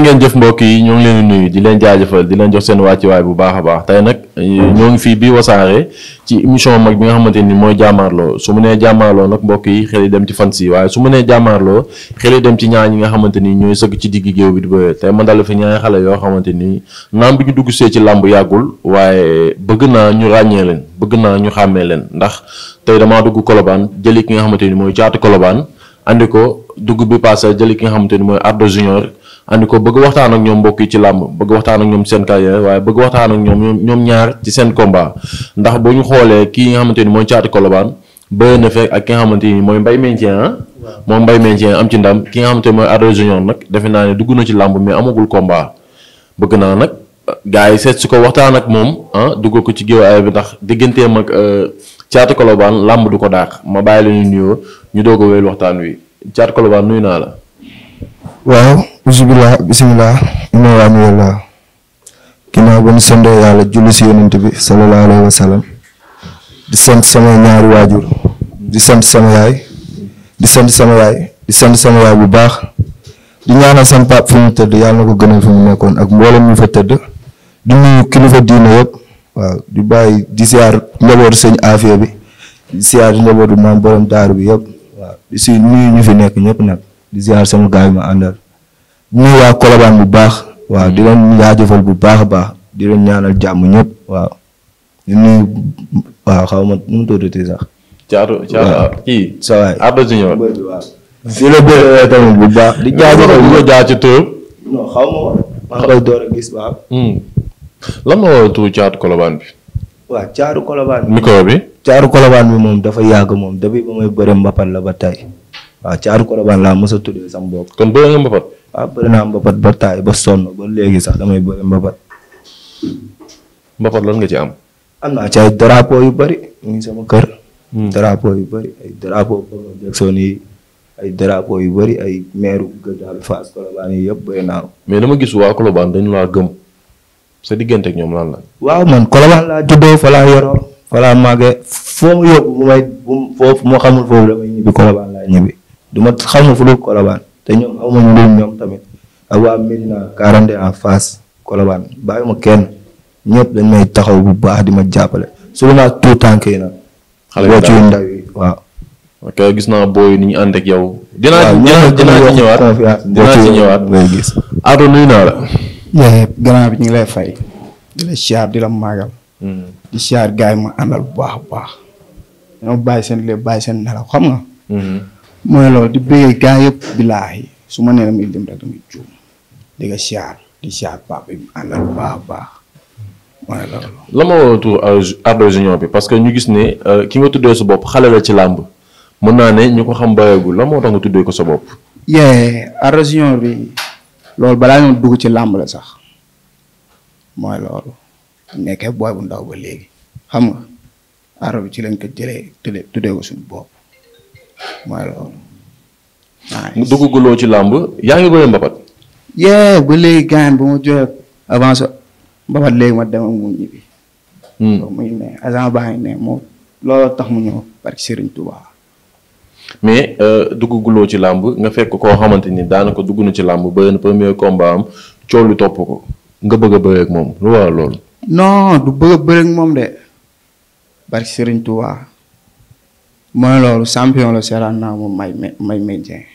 jërë ngeen jëf mbokk yi ñoo ngi leen nuyu di leen jaajëfal di leen jox seen wàccuwaay bu baax a baax tey nag eh, ñoo ngi fii bii wasaare ci émission mag bi nga xamante ni mooy jàmmaarloo su mu nee jàmmaarloo nag mbokk yi xel yi dem ci fan si waaye su mu nee jàmmaarloo xel yi dem ci ñi nga xamante ni ñooy sëgg ci digg géew bi di bëre tey ma dal fi ñaari xale yoo xamante ni naam bi ñu dugg see ci làmb yàggul waaye bëgg naa ñu ràññee leen bëgg naa ñu xàmmee leen ndax tey damaa dugg kolobaan jëli ki nga xamante ni mooy caatu kolobaan andi ko dugg bi passé jëli ki nga xamante ni mooy Ardo Junior andi ko bëgg waxtaan ak ñoom mbokk yi ci làmb bëgg waxtaan ak ñoom seen carrière waaye bëgg waxtaan ak ñoom ñaar ci seen combat ndax bu ñu xoolee kii nga xamante ni mooy caati kolobaan bëri na fekk ak ki nga xamante mooy mbay maintien ah moom mbay maintien am ci ndam ki nga xamante ni mooy Ardo Junior nag defe naa ne dugg na ci làmb mais amagul combat bëgg naa nag ah, gars yi seet si ko waxtaan ak moom ah dugg ko ci géew ay bi ndax digganteem ak caati euh, kolobaan làmb du ko daax ma bàyyi la ñu nuyoo ñu doog a wéyal wi caati kolobaan nuyu naa la waaw bisimilah bisimilah inna waa mi yàlla ginnaaw ba ñu sandee yàlla julli si yonent bi sallallahu alayhi wa sallam di sant sama ñaari waajur di sant sama yaay di sant sama yaay di sant bu baax di ñaanal sama pap fi mu tëdd yàlla na ko gënal fi mu nekkoon ak mboolem ñu fa tëdd di nuyu kilifa diine yëpp waaw di bàyyi di siyaar njabootu sëñ Afia bi di siyaar njabootu maam borom daaru bi yëpp waaw di si nuyu ñu fi nekk ñëpp nag. di ziar sama gaay àndal ñu waa Colobane bu baax waaw di leen jaajëfal bu baax a baax di leen ñaanal jàmm ñëpp waaw ñu nuyu waaw xaw ma nu mu tuddati sax. Thiatou Thiatou ah, kii. sa waay bu baax. di jaajëfal bu ko jaar ci tur. non xaw ma woon hmm. bi. waaw Thiatou bi moom dafa yàgg moom depuis ba may bëre mbapat la ba tey. waaw caaru Colobane laa mos a tuddee sama bopp. kon bëri nga mbapat. waaw bëri naa ba taay ba sonn ba léegi sax damay bëri mbapat. mbapat lan nga ci am. am naa ci ay drapeau yu bari mu ngi sama kër. Hmm. drapeau yu bëri ay drapeau Paul Jackson yi yu bëri ay maire Gëddaal Fass Colobane yi yëpp bëri naa mais dama gis waa Colobane dañu laa gëm. sa diggante ak ñoom lan la. waaw man Colobane laa juddoo fa yoroo fa laa foo mu yóbbu bu may foofu moo xamul foofu damay ñibbi Colobane laa ñibbi. du ma xam ma fu dul Colobane te ñoom amuñu lu ñoom tamit ak waa Medina Karande en face Colobane bàyyi ma kenn ñëpp dañ may taxaw bu baax di ma jàppale surtout nag tout tànk yi nag. xale boo ci ndaw yi waaw. ok gis naa yow. dinaa dinaa gis. Ardo nuyu naa la. gannaaw bi ñu ngi lay fay. di la siyaar di la maagal. Hmm. di siyaar gars ma àndal bu baax bu baax. ñoo bàyyi seen lépp bàyyi seen nelaw xam nga. Hmm. mooy loolu di bëggee gaa yëpp billaahi su ma nee na muy lim rek damay juum di nga siyaar di siyaar baax bi mu àndal bu baax a baax mooy loolu. la ma war a tuur bi parce que ñu gis ne euh, ki nga tuddee sa bopp xale la ci làmb mën naa ne ñu ko xam bareegul la moo tax nga tuddee ko sa bopp. yee Ardo Junior bi loolu balaa ñoo dugg ci làmb la sax mooy loolu nekkee booy bu ndaw ba léegi xam nga Ardo bi ci lañ ko jëlee tuddee tuddee ko suñu bopp. mooy loolu. mu duggaguloo ci làmb yaa ngi bëre mbapat. yee ba léegi gaañ bu ma joxe avance mbapat léegi ma dem ak mu ñibbi. Hmm. mu ngi ne agent baa ngi ne moo looloo tax mu ñëw parce que Serigne Touba. mais euh, duggaguloo ci làmb nga fekk koo xamante ni daanaka dugg na ci làmb ba premier combat am coow lu topp ko nga bëgg a bëree ak moom lu waral loolu. non du bëgg a ak moom de. parce que Serigne Touba. mooy loolu champion la seeraan naa moom may may may Dieng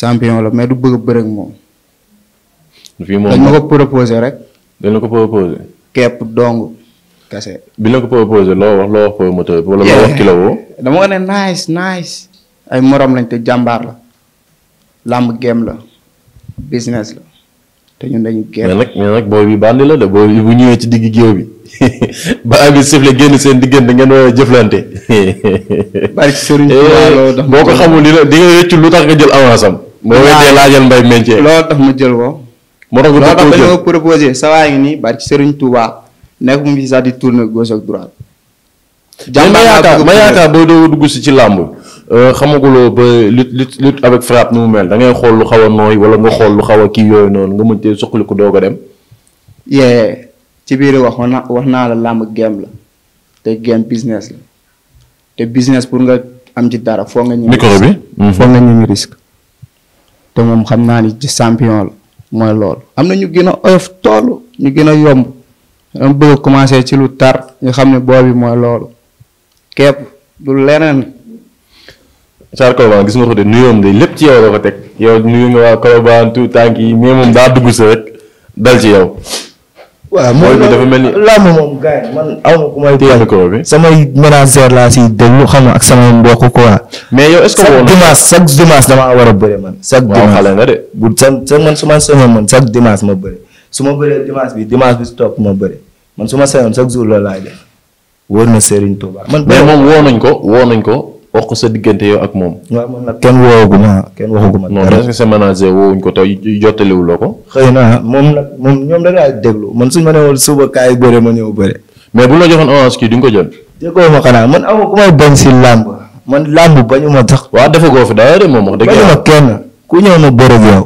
champion la mais du bëgg a bëre ak moom. fii moom dañ ma ko proposé rek. dañ la ko proposé. képp dong kese. bi la ko proposé loo wax loo wax promoteur wala loo wax kilo woo. dama ko ne nice nice ay morom lañ te jàmbaar la. làmb game la business la. te ñun dañu. génn mais nag mais nag booy bi bandi la de booy bi bu ñëwee ci digg géew bi ba abi sifle génn seen diggante ngeen war a jëflante. bari ci sëriñ boo ko xamul dina di nga rëccu jël avance am. moo laajal mbay meññee. loolu tax ma jël ko. moo tax nga tax dañoo ngi nii bari ci sëriñ Touba nekk mu fi sax di tourner gauche ak droite. jàmbaar ma yaakaar ma yaakaar boo doo dugg si ci làmb. Euh, xamaguloo ba lutte lutte avec frappe ni mu mel da ngay xool lu xaw a nooy wala nga xool lu xaw a kii yooyu noonu nga mën cee suqaliku ko a dem. yee ci biir wax na wax naa la làmb game la te game business la te business pour nga am ci dara foo nga. ñëw micro bi mhm. foo nga ñëw risque. te moom xam naa ni ci champion la mooy loolu. am na ñu gën a oyof tool ñu gën a yomb. dama bëgg a commencé ci lu tar nga xam ne boobu mooy loolu. képp du leneen. Saar gis nga de nuyoom de lépp ci yow la dafa mel ni làmb moom gars yi man aw ma ku may. téye micro quoi. mais yow est war a bëre man. chaque dimanche su ma sañoon man chaque dimanche ma bëre su ma bëree dimanche bi dimanche bi si topp ma bëre man su ma sañoon chaque jour loolu laay def wóor na Serigne Touba. man mais moom woo nañ ko woo nañ ko. wax ko sa diggante yow ak moom. waaw man nag kenn woowagu ma kenn waxagu ma. non est-ce que sa manager woowuñ ko tey jottaliwuloo ko. xëy na moom nag moom ñoom da ngaa déglu man suñ ma nee woon suba kaay bëre ma ñëw bëre. mais bu la joxoon orange kii di nga ko jël. déggoo ma xanaa man amoo ku may bañ si làmb man làmb bañu ma tax. waaw defagoo fi dara de moom wax dëgg yàlla bañu ma kenn ku ñëw ma bëre yow.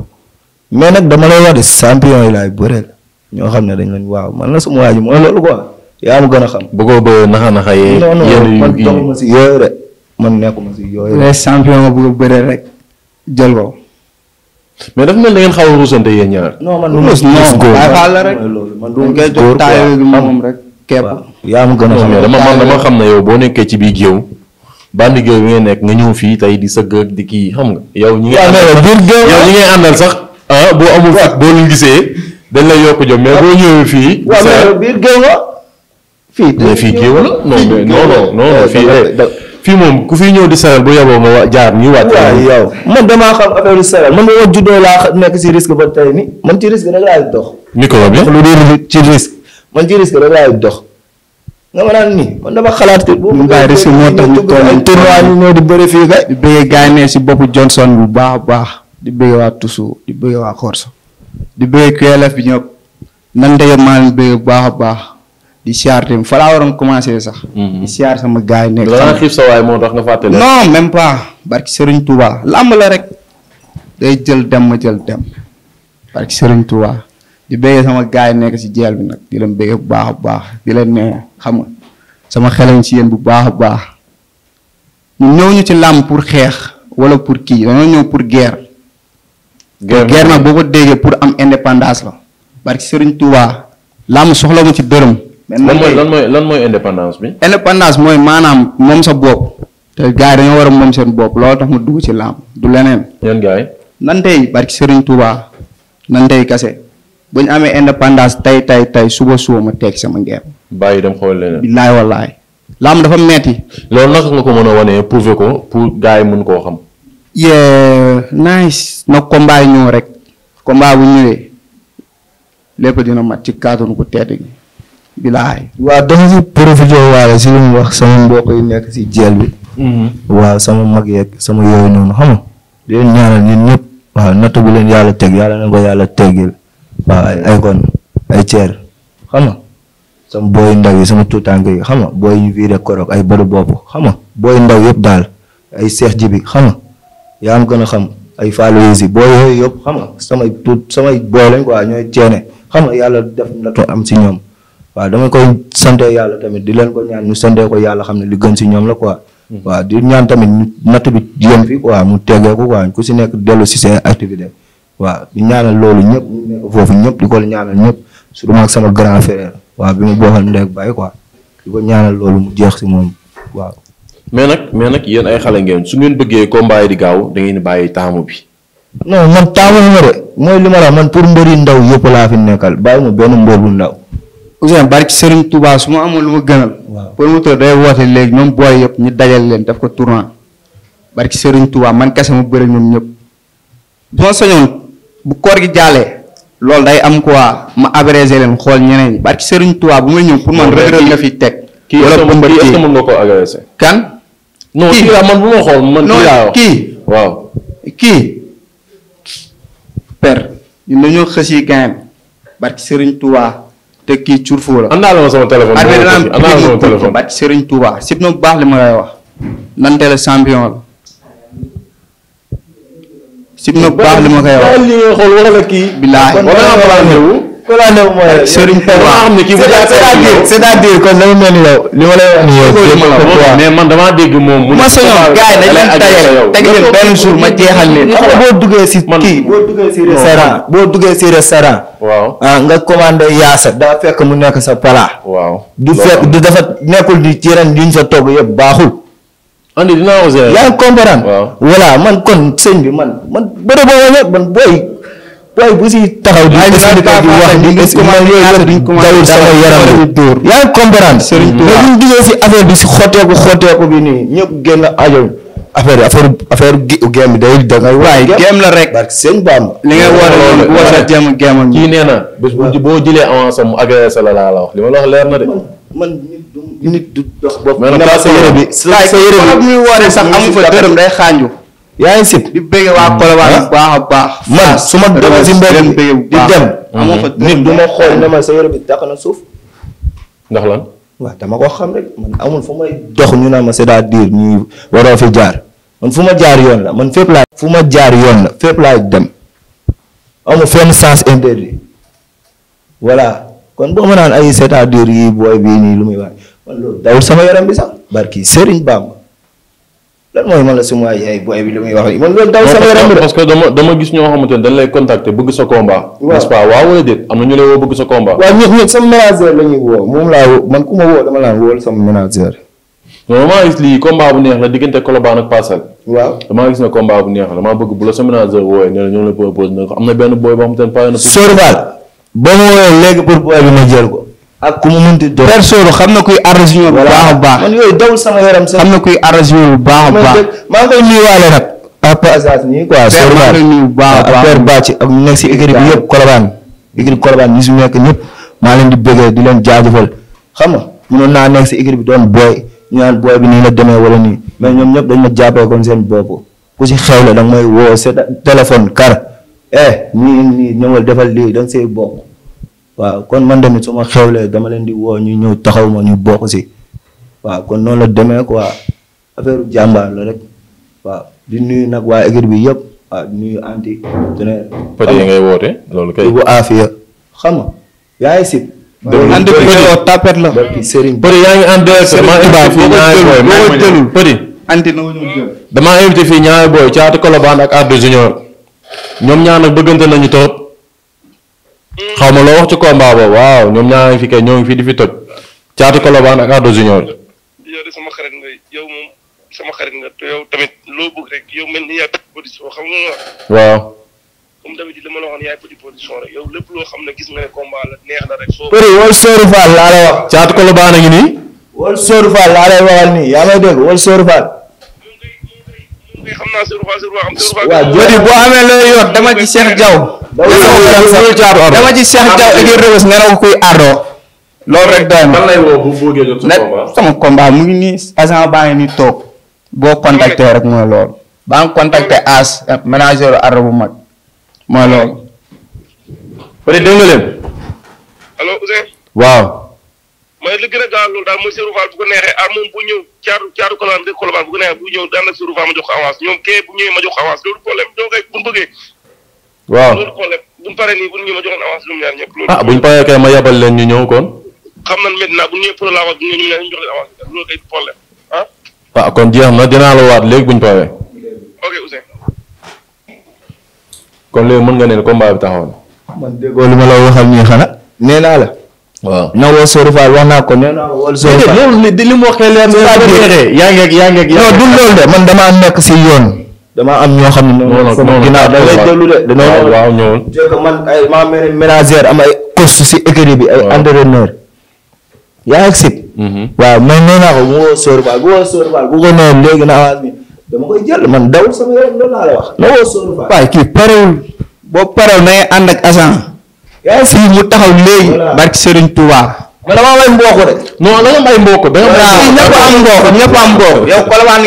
mais nag dama lay wax de champion yi laay bëreel ñoo xam ne dañ lañ waaw man la sama waa ji mooy loolu quoi yaa ma gën a xam. bu ko bëree naxa naxa yee. yenn yu non non man doxuma si yooyu rek man nekkuma si yooyu. les champion nga bëgg a bëre rek jël ko. mais daf mel da ngeen xaw a ruusante yéen ñaar. non man ruus non bàyyi ma koy jox taayoo rek. kepp yaa ma gën a xam dama man dama xam ne yow boo nekkee ci biir géew. bandi géew bi ngay nekk nga ñëw fii tey di sëgg ak di kii xam nga. yow ñi ngay yow ñi ngay àndal sax. ah boo amul ak boo leen gisee. dañ lay yokk jom mais boo ñëwee fii. waaw mais fii fii géew la non non non eh, fii. fii moom ku fi ñëw di sagal bu yeboo ma jaar ñu wàcc. waaw yow man damaa xam affaire yu man ma juddoo laa nekk si risque ba tey ni man ci risque rek laay dox. micro bi lu dul ci risque. man ci nii man dama xalaat. bu mu bàyyi risque moo tax ñu toll tournoi ñu di bëri fii kay. di bëggee gaynde si boppu Johnson bu baax a baax. di bëggee waa Toussou di bëggee waa Korso. di bëggee QLF bi ñëpp. nan tey bëggee baax baax. di siyaar tamit fa laa waroon commencé sax. Mm-hmm. di siyaar sama gars yi nekk. la moo tax nga fàtte non même pas barki Serigne Touba làmb la rek day jël dem ma jël dem barki sëriñ Touba di béyee sama gars yi nekk si jeel bi nag di leen béyee bu baax bu baax di leen ne xam sama xelañ si yéen bu baax a baax ñu ñëw ñu ci làmb pour xeex wala pour kii dañoo ñëw pour guerre. guerre guerre nag boo ko déggee pour am indépendance la barki Serigne Touba làmb soxla mu ci dërëm. lan mooy lan lan mooy indépendance bi. indépendance mooy maanaam moom sa bopp. te gars yi dañoo war a moom seen bopp loolu tax ma dugg ci laam du leneen. yan gars yi. nan tey barki Serigne Touba nan tey kase bu ñu amee indépendance tey tey tey suba suba ma teg sama ngeer. bàyyi dem xool leneen. billaay wallaay. laam dafa metti loolu nag nga ko mën a wane prouver ko pour gars mën mun koo xam. yeah nice. na combat ñëw rek. combat bu ñëwee lépp dina mat ci cadre ku tedd gi. bilaay. waa dama si profité waale si li mu wax sama mbokk yi nekk si jeel bi. Mm-hmm. waa sama mag yeeg sama yooyu noonu xam nga. leen ñaanal ñun ñëpp. waaw natt bu leen yàlla teg yàlla na ko yàlla teggil. waaw ay ay kon ay ceer xam nga. sama yi sama tuutànk yi xam nga booy ñu viré korok ay badu bopp xama booy ndaw yépp daal ay seex ji bi xam yaa am gën a xam ay faalu si booy yooyu yëpp xam samay tuut samay booy lañ quoi ñooy ceene xam yàlla def natt am si ñoom. waaw dama koy sante yàlla tamit di leen ko ñaan ñu sante ko yàlla xam ne li gën si ñoom la ko hmm. waaw di ñaan tamit ñu natt bi yem fi quoi mu tegeeku quoi ku si nekk dellu si seen activité waaw di loolu ñëpp foofu ñëpp ko ñaanal ñëpp surtout ak sama grand frère waaw bi mu bokkal ndeeg bay di ko ñaanal loolu mu jeex si moom waaw. mais nag mais nag yéen ay xale ngeen su ngeen bëggee combat yi di gaaw da ngeen bàyyi taamu bi. non man taamu ma de mooy li ma la man pour mbëri ndaw yëpp laa fi nekkal bàyyi mu benn mbër bu ndaw. Ousseyn barke Serigne Touba su ma amoon lu ma gënal. waaw promoteur day woote léegi ñoom booy yëpp ñu dajal leen daf ko tournoi barke sëriñ Touba man kese ma bëri ñoom ñëpp. bu ma soñoon bu koor gi jaalee loolu day am quoi ma abrégé leen xool ñeneen ñi barke Serigne Touba bu may ñëw pour man rëgg-rëgg nga fi teg. kii kii est-ce ko agressé. kan. non kii laa man bu ma kii laa wax kii. waaw kii. per ñun dañoo xës yi te kii curfoo la. àndaale ma sama téléphone. àndaale téléphone bat Serigne Touba sib na bu baax li ma lay wax. nante la champion la. sib na bu baax li ma koy wax. billaahi Fulaanew mooy. Euh, euh, Serigne Touba c'est-à-dire kon dama mel ni yow li ma lay wax ni man dama dégg moom. mu ma soñoon gars yi dañuy tajale teg leen benn ma jeexal boo duggee si kii boo duggee duggee si restaurant. Ah, nga commandé yaasa daa fekk mu nekk sa pala. waaw du fekk du dafa nekkul di ci ren yuñ sa togg yëpp baaxul. andi dinaa osé. yaa ngi comprendre. man kon sëñ bi man man booy. waaye bu si taxaw di expliquer di wax di expliquer dawul sama yaram bi dóor yaa ngi comprendre affaire bi si xotteeku xotteeku bi nii ñëpp génn ajoñ affaire bi affaire affaire game bi day dangay waaye game la rek parce que sëñ li nga war a war a na bés boo jëlee avance mu agressé la laa la wax li wax leer na de man nit du nit dox bopp mais nag sa sax amu fa dërëm day xaanju yaa ngi sit di bëgg waa Colobane bu ah. baax a baax. man su ma demee si mbéy di dem. Mhm. nit du ma xool ne ma sa yére bi dàq na suuf. ndax lan. waaw dama ko xam rek man amul fu may dox ñu naan ma c'est-à-dire ñu waroo fi jaar man fu ma jaar yoon la man fépp laa. fu ma jaar yoon la fépp laa dem. amul fenn sens interdit. voilà kon boo ma naan ay cest à yi booy bii nii lu muy wax man loolu dawul sama yaram bi sax barki Serigne Bamba. lan mooy man la suma yaay booy bi li muy wax man loolu daw sama yaram parce dama gis ñoo xamante ne dañ lay contacter bëgg sa combat. waaw n'est-ce waaw wala déet am na ñu lay woo bëgg sa combat. bu neex la diggante Colobane ak Parcelles. waaw damaa gis ne combat bu neex la maa bëgg bu la sa manager wooyee nee na ñoom la proposé na am na benn booy boo xamante ne pare na. Sorval. ba ma wooyee léegi pour booy bi ma jël ko. ak ku mu mënti doon perso xam na kuy arrangé bu baax a baax. man yooyu dawul sama yaram sax. xam na kuy arrangé bu baax a baax. maa ngi koy nuyuwaale ah, nii quoi. Ba ah, ak Père Bàcc ak si écurie yëpp Colobane. écurie Colobane su nekk ñëpp maa bëggee di leen xam nga mënoon naa nekk si écurie bi doon booy ñu naan booy bi nii la demee wala ñoom ñëpp dañ ma jàppee comme seen bopp ku si xew la da nga may woo sa téléphone kar eh ñëwal defal lii da nga say bopp. waaw kon man tamit su ma xewlee dama leen di woo ñu ñëw taxaw ma ñu bokk si waaw kon noonu la demee quoi affaire jàmbaar la rek waaw di nuyu nag waa équipe bi yëpp waaw di nuyu anti. te ne woote loolu kay. bu aafiya xam nga yaa si. andi përi tapet la. Serigne përi yaa ngi en anti na ñu jël damaa invité fii ñaari booy caatu Colobane ak Ardo Junior ñoom ñaar nag bëggante nañu trop xaw ma loo wax ci combat boobu waaw ñoom ñaa ngi fi kay ñoo ngi fi di fi toj caatu Colobane ak Ardo Junior. yow de sama xarit nga yow moom um, sama xarit nga yow tamit loo yow mel ni yaay petit production waaw. comme la waxoon yaay yow lépp loo xam ne gis nga ne combat la neex na rek. soo wax. caatu Colobane a ngi nii. yaa may dégg wol Sori Fall. xam naa Serigne Fall Serigne Fall xam Serigne boo amee looy yor dama ci Cheikh Diaw. dama ci Cheikh Diaw ak yéen rëbës nga raw kuy aaroo. loolu rek doy na lay woo mu ngi nii agent baa ngi nii toog boo contacté rek mooy loolu. baa ngi contacté as manager arro bu mag mooy loolu. waaw. mais li gën a gaaw loolu daal mooy Serou Fall bu ko neexee ah moom bu ñëw caaru caaru kolaan nga kolobaan bu ko ñëw daan ak Serou Fall ma jox ko avance ñoom kee bu ñëwee ma jox ko avance loolu problème bu ñu paree nii bu ñu ma joxoon avance ñoom ah, bu ñu paree kay ma yabal leen ñëw kon. xam nañ maintenant bu ñu ñëwee pour la avance bu ñu ñëwee jox leen avance loolu kay problème ah. ah kon jeex na dinaa la waat léegi bu ñu paree. ok Ousseyn. kon léegi mën nga bi taxaw na. ma la waxal nii xanaa nee la waaw na woo Sori Fall wax naa ko nee naa woo Sori Fall loolu du loolu de man damaa nekk si yoon. dama am ñoo xam ne. non non ginnaaw da ngay déglu de. waaw si écurie bi. si. Mm-hmm. waaw mais nee naa na avance bi dama koy jël man dawul sama yoon loolu laa la wax. na woo Sori Fall. kii parewul. boo parewul na ngay ànd ak agent. fii mu taxaw léegi. barki Serigne Touba. mais damaa may mbokk de. non da may mbokk da nga am ñëpp am mbokk. yow ay Colobane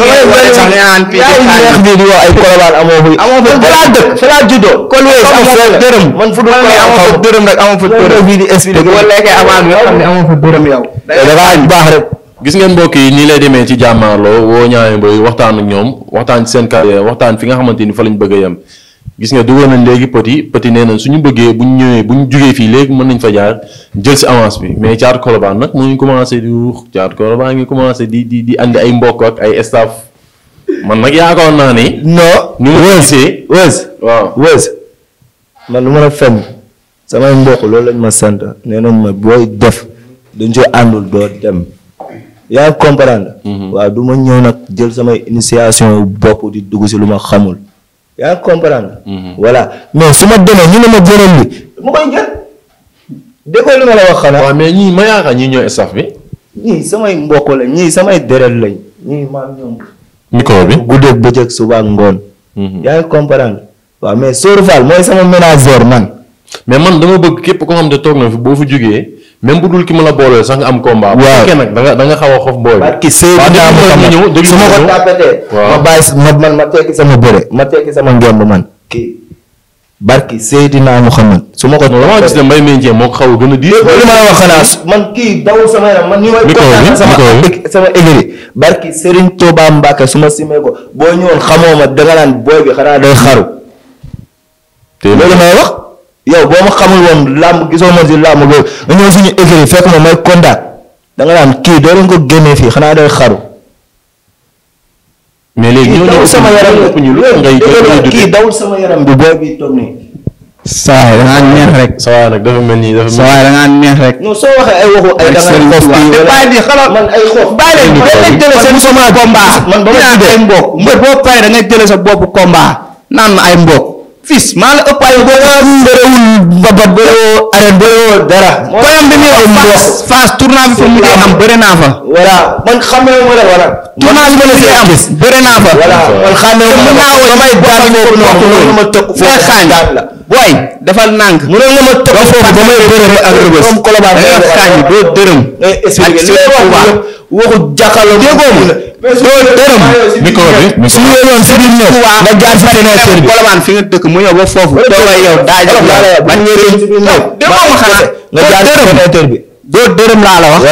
amoo amoo fa dërëm dëkk fa laa juddoo. kon man fu dul Colobane dërëm rek amoo fa dërëm. bii di expliqué boo lekkee avant bi nga xam eh, baax rek. gis ngeen mbokk yi nii lay demee ci jàmmaarloo woo ñaari mbéy waxtaan ñoom waxtaan ci seen carrière waxtaan fi nga xamante ni fa lañ bëgg a gis nga dugal nañ léegi petit petit nee na suñu bëggee bu buñ ñëwee buñ jugee fii léegi mën nañ fa jaar jël si avance bi mais caatu Colobane nag mu ngi commencé di ruux caatu Colobane ngi commencé di di di ay mbokk ay staff man nag yaakaar naa ni. non ñu ma gisee man lu ma la fenn loolu lañ ma sant nee nañ booy def dañ ci àndul doo dem mhm. du ma ñëw nag jël samay initiation bopp di dugg si lu ma xamul. yaa comprendre. Mhm. voilà mais su ma demee ñu ne ma jëloon li ma koy jël. déggoo la wax xanaa. waaw mais ñii ma yaakaar ñii ñooy staff bi. ñii samay mbokk lañ ñii samay deret lañ. ñii maam ñoom. bi guddeeg bëccëg suba ak ngoon. Mhm. yaa ngi comprendre. waaw mais Sourou Fall mooy sama ménageur man. mais man dama bëgg képp koo xam ne toog na fi boo fi jugee. même bu dul ki ma la booleel sax nga am combat. waaw bu da nga xaw a xof booy. parce que Seydou Ndiaye su ma ko tàppatee ma bàyyi man ma tekki sama bëre ma barki Seydina Muhammad su ma ko. waaw mbay mi njee xaw a gën a man kii dawul sama man. ni may kontaan sama sama église. barki su ma ko boo ñëwoon xamoo ma danga naan booy bi xanaa day xaru. te loolu may wax. yow boo ma xamul woon làmb gisoo ma si làmb boobu nga ñëw suñu écrit ko génnee fii xanaa day xaru. mais léegi dawul sama yaram bi ngay da ngaa neex rek. saa man ay man ba ma jëlee mbokk sa bopp combat naan ma ay mbokk maa la ëpp ayoo boo yoroo bërewul mbabat bërewoo arène bërewoo dara. koyam bi muy wax phase phase tournoi bi fa mu dee am bëre naa fa. voilà man xamee ma la wala. tournoi bi fa mu am bëre naa fa. voilà man xamee booy defal nànk. mënoon nga ma tëb foofu ba may bërëb ak eh, doo dërëm. Eh, eh, ak si Touba nga jaar si téléphone bi Colobane mu ñëw ba foofu doo way yow daaj ak yow bañ bi doo dërëm laa la wax.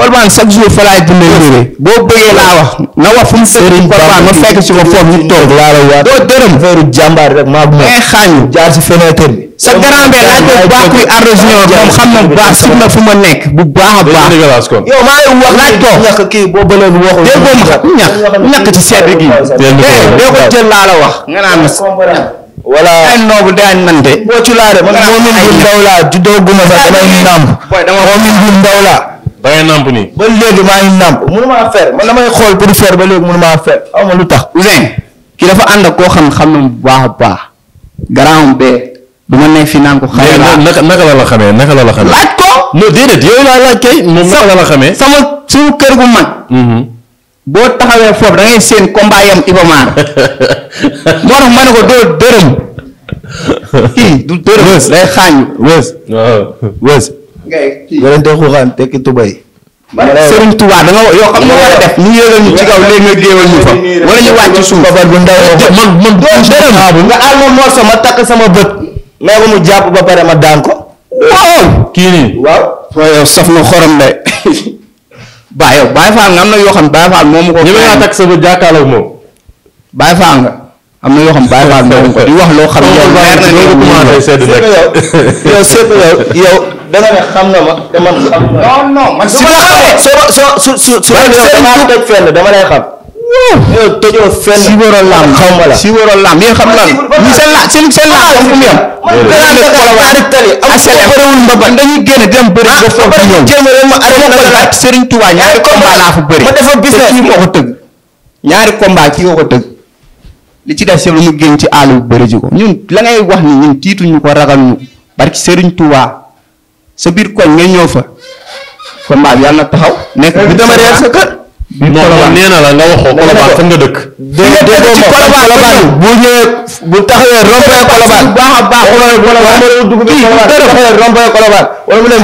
Colobane chaque jour fa laay dundee njurée boo bëggee laa wax na wax fu mu fekk Colobane ma fekk ci ko foofu ñu toog laa la waat doo dërëm feeru jàmbaar rek maa ngi eh, xaañu bi sa grand bi laaj ko baax kuy arroseur moom xam na baax sut na fu ma nekk bu baax a baax yow maa ngi wax laaj ko ñàkk kii boo bëleen waxul dégg ma xam ñàkk ñàkk ci sedd dee eh, ko jël laa la wax nga naan ma voilà ay bu ndaw laa juddoo guma sax damay nàmp moom ba ngay nàmp nii. ba léegi maa ngi nàmp mënu maa fer man damay xool pour fer ba léegi mënu maa fer xaw ma lu tax. Ouzin ki dafa ànd ak koo xam xam na bu baax a baax. bee. du ma nekk fii naan ko. xale la la la xamee naka la la xamee. laaj ko. non yooyu la la xamee sama suñu kër gu mag. Mm-hmm. boo taxawee foofu da ngay seen combat yam Ibamaar moo tax ma ko doo dërëm. kii du xaañ wës. ngay kii werante da nga yoo xam nga war a def ñu yëgal ñu ci kaw léegi nga géewal ñu fa wala ñu wàcc suuf sama takk sama bët mais ba pare ma daan ko waaw kii nii waaw yow saf na xorom de baa yow Baye Fall nga am na yoo xam Baye Fall nga moom Baye Fall nga am xam Baye Fall ko di wax loo yow leer yow danga ne xam na ma te man xam na. non non man su ma la xamee soo soo su su ma toj fenn dama lay xam. yow tojoo fenn. si wóoroo laam xaw ma la si wóoroo laam yéen xam lan. ñu seen la seen seen laam ah, xam fu mu yem. man dañuy génn dem bëri ah, ba foofu ñëw. sama ko Serigne Touba ñaari combat laa fa bëri. ma dafa business te kii moo ko tëgg. ñaari combat kii moo ko tëgg. li ci def si lu mu génn ci àll bu bëri ji ko ñun la ngay wax ni ñun tiituñu ko ragal ñu barki Serigne Touba sa biir koñ nga ñëw fa combat bi yàlla na taxaw. nekk bi dama sa kër. biir Colobane nee na la nga waxoo Colobane fan dëkk. dégg nga dégg ci Colobane bu ñëwee bu taxawee rompee bu baax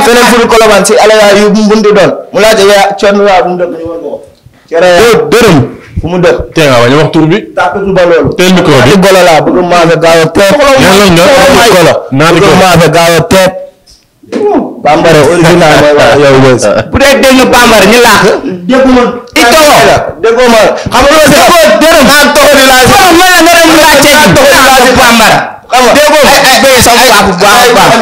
feneen fu dul si alaya yu mu doon mu laajte yaa coono bu mu dëkk ñu ko nga bañ a wax tur bi. golo laa bëgg maa fe gaaw a teet. bambara original bu dee dégg nga bambara ñu laax. déggu ma. itoo déggu ma xam nga loolu dina ko dërëm. maa toog di laaj. waaw man la nga dem laajte ji. maa toog di bu baax a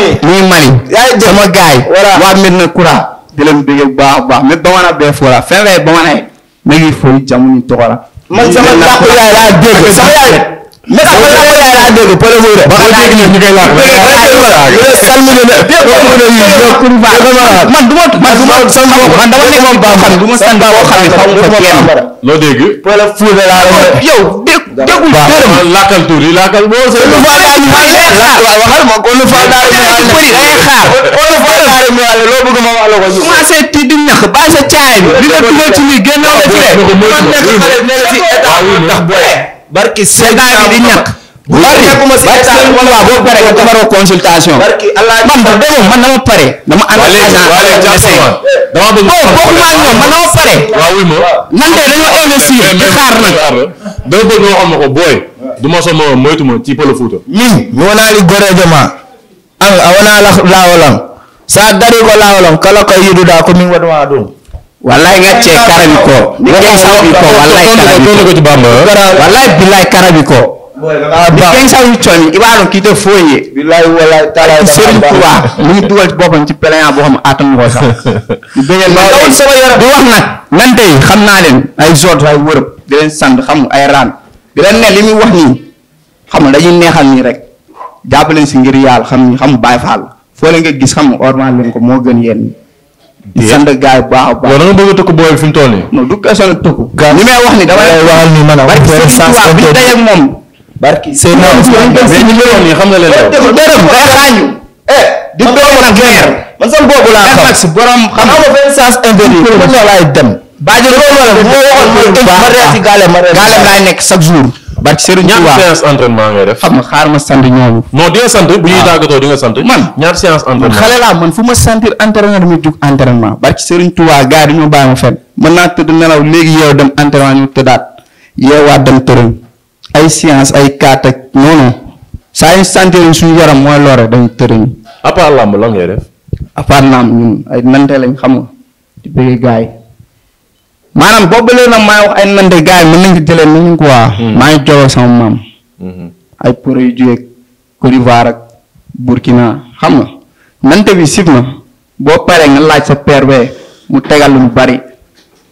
mani. yaa ngi gaay. waa Medina Kura. di leen déggee bu baax a baax mais bamana bɛɛ fɔra fɛn fɛn ye ye. ne k'i foyi jamu ni tɔgɔ la. man sama papa yaay laa dégg sama yaay. mais xam nga làmb laay laa dégg pare mu ne. boo xam ne ñu koy làmb laay laa dégg. man du ma man du ma xam man dama nekk moom baax man du ma sànni boo xam ne xamu ko kenn. loo dégg. pare fuule laa la yow dégg déggul dërëm. laakal tuuri laakal boo soo. lu fa daal ma ngay xaar waaw waxal ma ko lu fa daal ma wàll bëri da ngay xaar. lu fa daal ma wàll loo bëgg ma wax la ko. commencé ti di ñax bàyyi sa caay bi. li nga dugal ci lii génnaaw la ci de. man nekk xale ne la ci état ndax booy. barki seen di ñàkk. bu nekkuma si état wala boo paree nga waroo consultation. barki allah man ba man dama pare. pare. waaw wuy ma. nan de dañoo investir di xaar nag. dama bëgg nga xam ko booy. du ma sama moytu ma ci Fuuta. mi wonaali gore jama. an a wona la laawalam. sa dari ko laawalam kala ko yidu da ko min wadma ɗum wallaay ngacce karabi ko ngacce sawi ko wallaay karabi wallahi billahi karabi ko ngacce sawi choni ibalo kite foye billahi wallahi taala Serigne Touba mu ngi dugal ci boppam boo xam atam ko ma dawul wax nag nan tey xam naa leen ay jot ay wërëb di leen sant xam ay raan di leen ne li muy wax nii xam dañuy neexal nii rek jàpp leen si ngir yàlla xam xam Baye Fall foo nga gis xam ormal leen ko moo gën yéen di sant gars baax a baax. yow da nga a tëkku booy bi fi mu toll nii. non du wax ni dama lay ni man a. barki sëñ bi ñu moom. barki sëñ bi ñu ngi woon nii xam nga leen yow. Eh, man sama boobu laa xam max borom xam nga benn sens interdit. loolu laay dem. bàjjël loolu la moo ma réer si ma réer gaale laay nekk chaque jour. barki sëriñ Tuubaa ñaar séance entraînement ngay def. xam nga xaar ma sant ñooñu. non di nga sant bu ñuy ah. tàggatoo di nga sant. man ñaar séance entraînement man xale laa man fu ma sentir entraîneur mi jug entraînement barki sëriñ Tuubaa gars yi ñu bàyyi ma fenn mën naa tëdd nelaw léegi yow dem entraînement ñu tëddaat yeewaat dem tërëñ ay séance ay kaat ak noonu saa yu sentir suñu yaram mooy lore dañu tërëñ. à part làmb la ngay def. à part làmb ñun ay nante lañ xam nga maanaam boobu ba léegi nag maa ngi wax ay nante gars yi mën nañu ko jëlee nañu quoi. Hmm. maa ngi jox sama maam. Hmm. ay pour yu jugee Côte d'Ivoire ak Burkina xam nga nante bi sib na boo paree nga laaj sa père bee mu tegal lu bari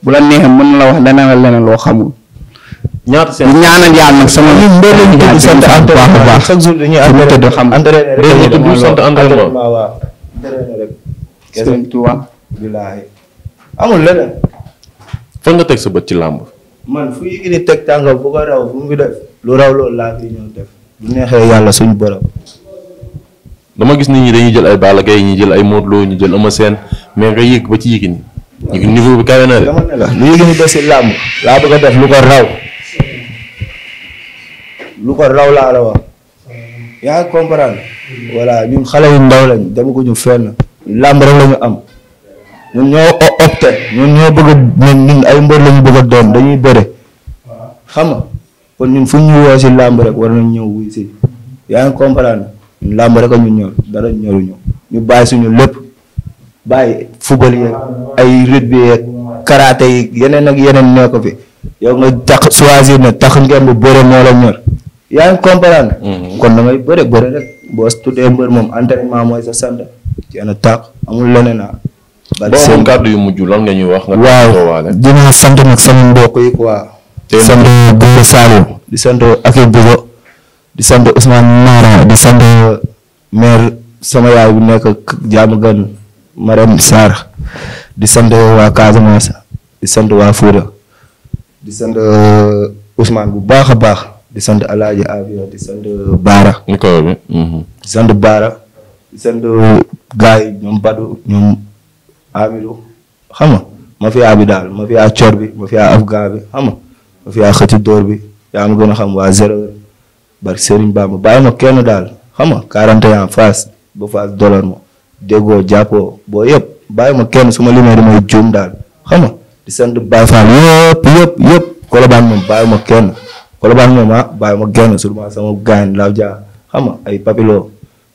bu la neexee mën la wax leneen la leneen loo xamul. ñaata seen ñaanal yàlla nag sama. ñun mbéy lañu tudd sant André baax a baax. chaque xam André dañuy tudd sant fan nga teg sa bët ci làmb. man fu Yékini teg tàngam bu ko raw fu mu ngi def lu raw loolu laa fi ñëw def bu neexee yàlla suñu borom. dama gis nit ñi dañuy jël ay Balla Gaye ñu jël ay Modou Lo ñu jël Eumeu Sène mais nga ci Yékini. ñu niveau bi kawe na def si làmb laa bëgg a def lu ko raw. lu ko raw laa la wax. yaa ngi comprendre. voilà ñun xale yu ndaw lañ dama ko ñu fenn. làmb rek am. ñun ñoo opté ñun ñoo bëgg a ñun ay mbër lañu bëgg a doon dañuy bëre xam nga kon ñun fu ñu woo si làmb rek war nañ ñëw wuy si yaa ngi comprendre ñun làmb rek a ñu ñor ñu bàyyi lépp bàyyi football yeeg ay yi yeneen ak yeneen nekk fi yow nga tax choisir na tax ngeen bu bëre moo la ñor yaa mm-hmm. kon da ngay bëre bëre rek boo tuddee mbër moom entraînement mooy sa sant ci na tàq amul leneen ah. boo kàddu yu mujj lan nga ñuy wax. nga waaw dinaa sant nag sama mbokk yi quoi. di sant Goudé Saloum di sant Aké Goudé di sant Ousmane Mara di maire sama yaay bu nekk jaamu gan Marème Sarr di sant waa Casamance di sant waa Fouta di sant euh, Ousmane bu baaxa baax di sant Alaaji Avion mhm. di sant Baara. di sant Baara euh, ñoom Badou ñoom. Amidou xam nga mafia bi daal mafia cor bi mafia afghan bi xam nga mafia xëti dóor bi yaa ma gën a xam waa zéro bari Serigne Bamba bàyyi ma kenn daal xam nga 41 face ba face dollar ma déggoo jàppoo boo yëpp bàyyi ma kenn su ma limee damay juum daal xam nga di sant Baye Fall yëpp yëpp yëpp moom bàyyi ma kenn Colobane moom ah bàyyi ma kenn surtout sama gaañ laaw jaa xam ay papilo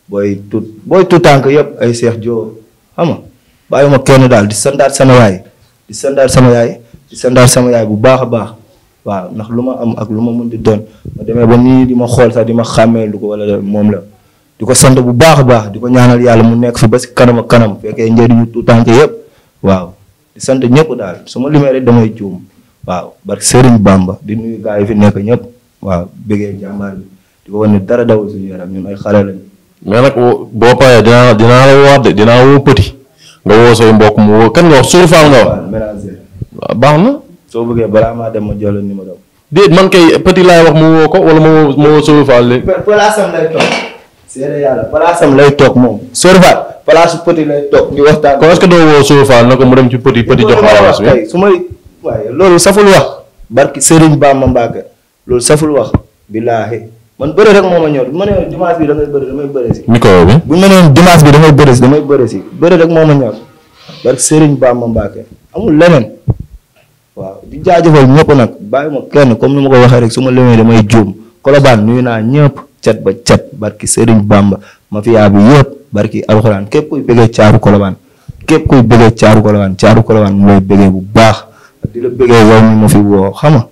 booy tut booy tout tànk yëpp ay Cheikh Dio bàyyiwuma kenn daal di sandaat sama yaay di sandaat sama yaay di sandaat sama yaay bu baax a baax waaw ndax lu ma am ak lu ma mën di doon ma demee ba nii di ma xool sax di ma xàmmee lu ko wala moom la di ko sant bu baax a baax di ko ñaanal yàlla mu nekk fi ba si kanam ak kanam fekkee tu tànk yëpp waaw di sant ñëpp daal su ma limee rek damay juum waaw barke Serigne Bamba di nuyu gars fi nekk ñëpp waaw bëggee jàmbaar bi di ko wane ne dara dawul suñu yaram ñun ay xale la nga woo say mbokk mu woo kan nga wax suur faaw nga wax. baax na. soo bëggee balaa maa dem ma jox la numéro. déet man kay petit laay wax mu woo ko wala ma woo ma woo suur faaw léegi. palaasam lay toog. moom. suur faaw palaasu petit lay toog di waxtaan. kon est-ce ko mu dem ci petit petit jox avance bi. su may waaye loolu saful wax. barki Serigne Bamba Mbacke loolu saful wax. billaahi. man bëre rek moo ma ñor bu ma nee dimanche bi damay bëre damay bëre si. micro ma nee dimanche bi moo ma ñor amul leneen waaw di jaajëfal ñëpp nag bàyyi ma kenn comme ni ma ko waxee rek su ma lemee damay juum Colobane nuyu naa ñëpp cet ba cet barki Serigne Bamba mafia bi yëpp barki alxuraan képp kuy bëggee caaru Colobane caaru Colobane mu lay bëggee bu baax di bëggee yow mi ma fi woo xam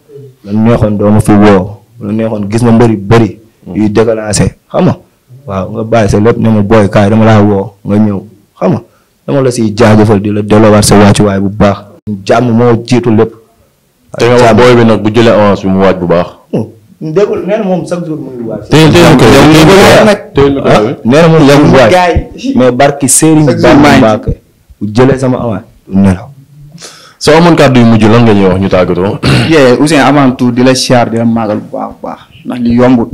nga neexoon doo fi woo. lu neexoon gis na mbëri yu bëri. yuy déclenché xam nga waaw nga bàyyi sa lépp ne ma booy kaay dama laa woo nga ñëw xam nga dama la siy jaajëfal di la delloowaat sa wàccuwaay bu baax. jàmm moo jiitu lépp. te nga booy bi nag bu jële avance bi mu waaj bu baax. déggul nee na moom chaque jour mu ngi waaj. tey moom yaa ngi waaj mais barki Serigne Bamba bu jëlee sama avance du nelaw soo amoon kàddu yu mujj lan nga ñuy ñu tàggatoo. yee Ouzin avant tout di la siyaar di la màggal bu baax baax ndax li yombul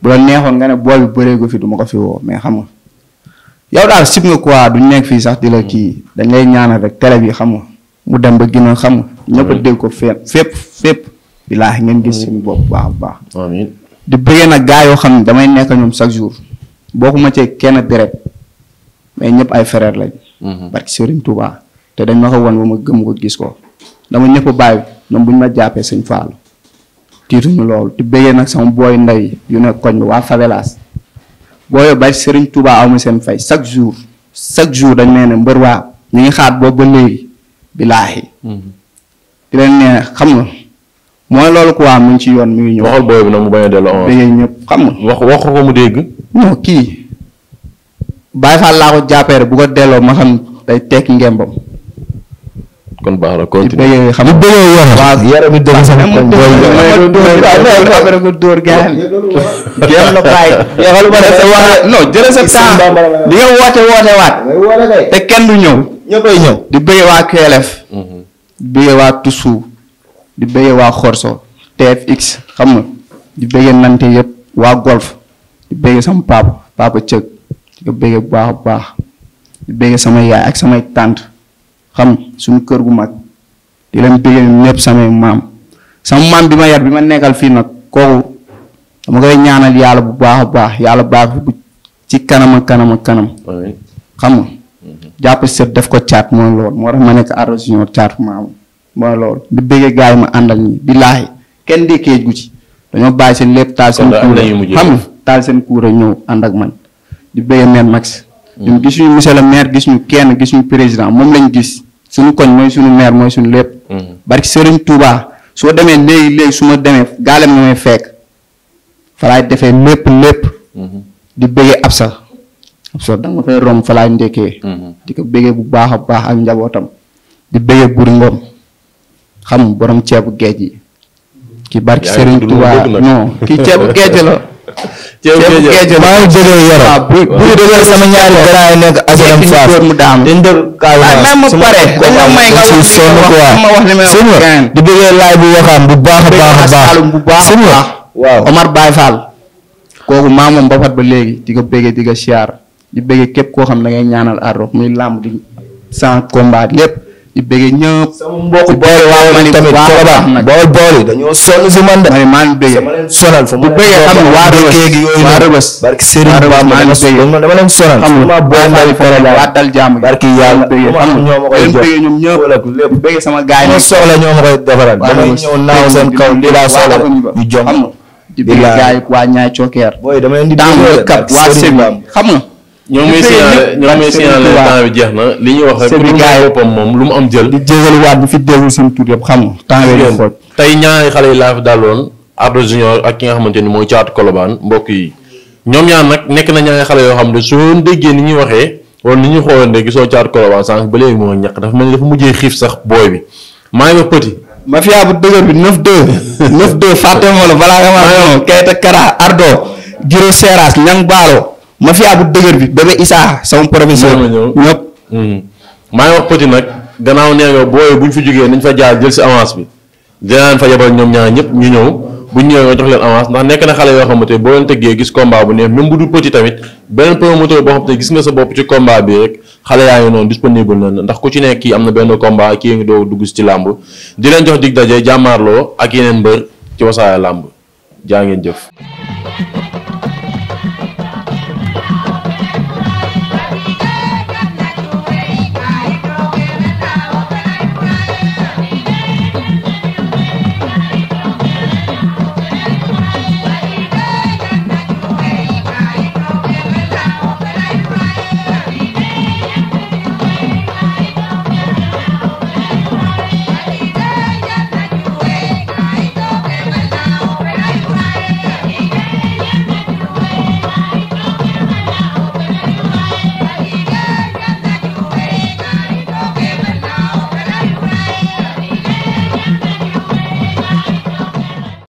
bu la neexoon nga ne booy yu bëree ko fi du ma ko fi woo mais xam nga yow daal sib nga quoi duñ nekk fii sax di la kii dañ lay ñaanal rek télé bi xam nga mu dem ba gën a xam nga. ñëpp dégg ko fépp fépp fépp. billaahi ngeen gis suñu bopp baax baax. amiin di bëggee nag gaa yoo xam ne damay nekk ñoom chaque jour bokkuma ci kenn deret mais ñëpp ay frère lañ. Mm-hmm. barki te dañ ma ko won bu ma gëm ko gis ko dama ñëpp bàyyi ñoom bu ñu ma jàppee sëñ Fallou tiituñu loolu te bëggee nag sama booy ndey yu ne koñ bi waa favelas booyoo bay sëriñ Touba aw seen fay chaque jour chaque jour dañ nee ne mbër waa ñu ngi xaat boobu ba léegi bilaahi mhm. di leen ne xam nga mooy loolu quoi mu ngi ci yoon mu ngi ñëw. waxal booy bi nag mu a delloo. mu dégg. non kii jàppee rek bu ko delloo ma xam day tekki ngembam. kon baax na bëggee xam li bëggee yore. waaw yore bi dëgg sax kon booy yore. waaw ko nga woote woote waat. te kenn ñëw. di bëggee waa KLF. Mm-hmm. di bëggee waa Tusu. di bëggee waa Xorso. TFX xam nga. di bëggee nante yëpp. waa golf. di bëggee sama papa papa Cëg. di bëggee baax a baax. di bëggee sama yaay ak samay tante. xam suñu kër gu mag di leen bëggee ñëpp samay maam sama maam bi ma yar bi ma nekkal fii nag kooku dama koy ñaanal yàlla bu baax a baax yàlla baax bu ci kanam ak kanam ak kanam. xam nga mhm. jàpp set def ko caat mooy loolu moo tax ma nekk arrosé caat maamu mooy loolu di bëggee gars ma àndal ñi kenn dee kéej gu ci dañoo bàyyi seen lépp taal seen. kuure xam taal seen kuure ñëw ànd ak man di bëggee meen max. Mhm. ñun gisuñu monsieur le maire gisuñu kenn gisuñu président moom lañ gis. suñu koñ mooy suñu meer mooy sunu lépp. Mm-hmm. barki sëriñ Touba soo demee léegi léegi suma ma demee gaalem nga may fekk fa defee lépp lépp. Mm-hmm. di bëggee ab sa ab sa da romb fa ndekkee. Mm-hmm. di ko bëggee bu baax a baax ak njabootam. di bëggee buri ngoom xam boroom ceebu géej yi. ki barki sëriñ Touba non kii ceebu géej la. ceeb géej maa ngi jógee yoro bu bu dee sama ñaari grand nekk asalem faaf dañ dër di bëggee laay bu waxaan bu baax a baax baax su Omar Baye Fall kooku maa moom bapat ba léegi di ko bëggee di ko siyaar di bëggee képp koo xam da ngay ñaanal Ardo muy làmb di sans combat lépp di bëggee ñëpp. sama mbokk bool waaw man tamit Korobaa bool bool yi dañoo sonn si man de. man maa ngi bëggee sonal fu mu bëggee xam ne waa Rëbës Ba maa ngi bëggee dama leen sonal. xam nga boo ndawi Korobaa waa dal jàmm gi. sama gaay yi. soxla ñoo ma koy defaral. damay ñëw naaw seen kaw li laa soxla di bëggee gaay waa ñaay cokkeer. booy dama leen di bëggee xam nga ñoom ñooy signaler ñoom temps bi jeex na li ñuy wax rek. pour ñu lu mu am jël. di jégaluwaat bu fi déglu seen tur yëpp xam nga. temps yooyu ñu xooj tey ñaari xale yi laa fi daaloon Ardo Junior ak ki nga xamante ni mooy Caatu Kolobaan mbokk yi ñoom ñaar nag nekk na ñaari xale yoo xam ne soo déggee ni ñuy waxee wala ni ñuy xoolee gisoo Caatu Kolobaan sànq ba léegi moo ñàkk dafa mel ni dafa mujjee xiif sax booy bi maa ngi ba petit. mafia bu dëgër bi 9-2. 9-2 fàtte mafia bu dëgër bi bébé Issa sama professeur. ñëpp hmm. maa ngi wax petit nag gannaaw nee nga booyoo bu ñu fi jógee nañ fa jaar jël si avance bi dinaa fa yebal ñoom ñaar ñëpp ñu ñëw bu ñu ñëwee nga jox leen avance ndax nekk na xale yoo xamante boo leen tëggee gis combat bu neex même bu du petit tamit beneen promoteur boo xam te gis nga sa bopp ci combat bi rek xale yaa ngi noonu disponible na ndax ku ci nekk kii am na benn combat kii ngi doo dugg ci làmb di leen jox dig daje jàmmaarloo ak yeneen mbër ci Wassare Làmb jaa ngeen jëf